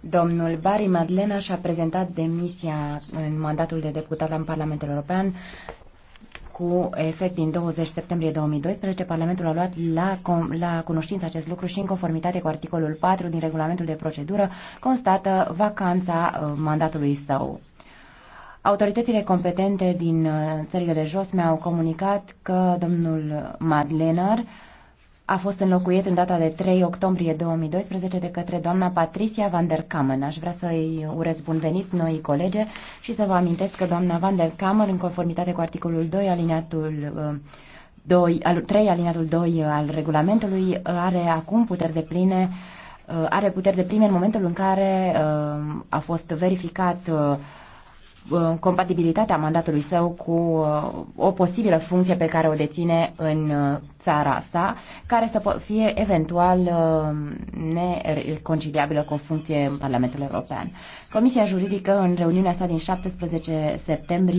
Domnul Barry Madlena și-a prezentat demisia în mandatul de deputat al Parlamentul European cu efect din 20 septembrie 2012. Parlamentul a luat la, la cunoștință acest lucru și în conformitate cu articolul 4 din regulamentul de procedură constată vacanța uh, mandatului său. Autoritățile competente din uh, țările de jos mi-au comunicat că domnul Madlener a fost înlocuit în data de 3 octombrie 2012 de către doamna Patricia van der Kamen. Aș vrea să i urez bun venit noi colege și să vă amintesc că doamna van der Kamen, în conformitate cu articolul 2, alineatul 2, uh, al, 3, alineatul 2 uh, al regulamentului, uh, are acum puteri de pline are puteri de prime în momentul în care a fost verificat Uh, compatibilitatea mandatului său cu uh, o posibilă funcție pe care o deține în uh, țara sa, care să fie eventual nereconciliabilă cu o funcție în Parlamentul European. Comisia Juridică, în reuniunea sa din 17 septembrie,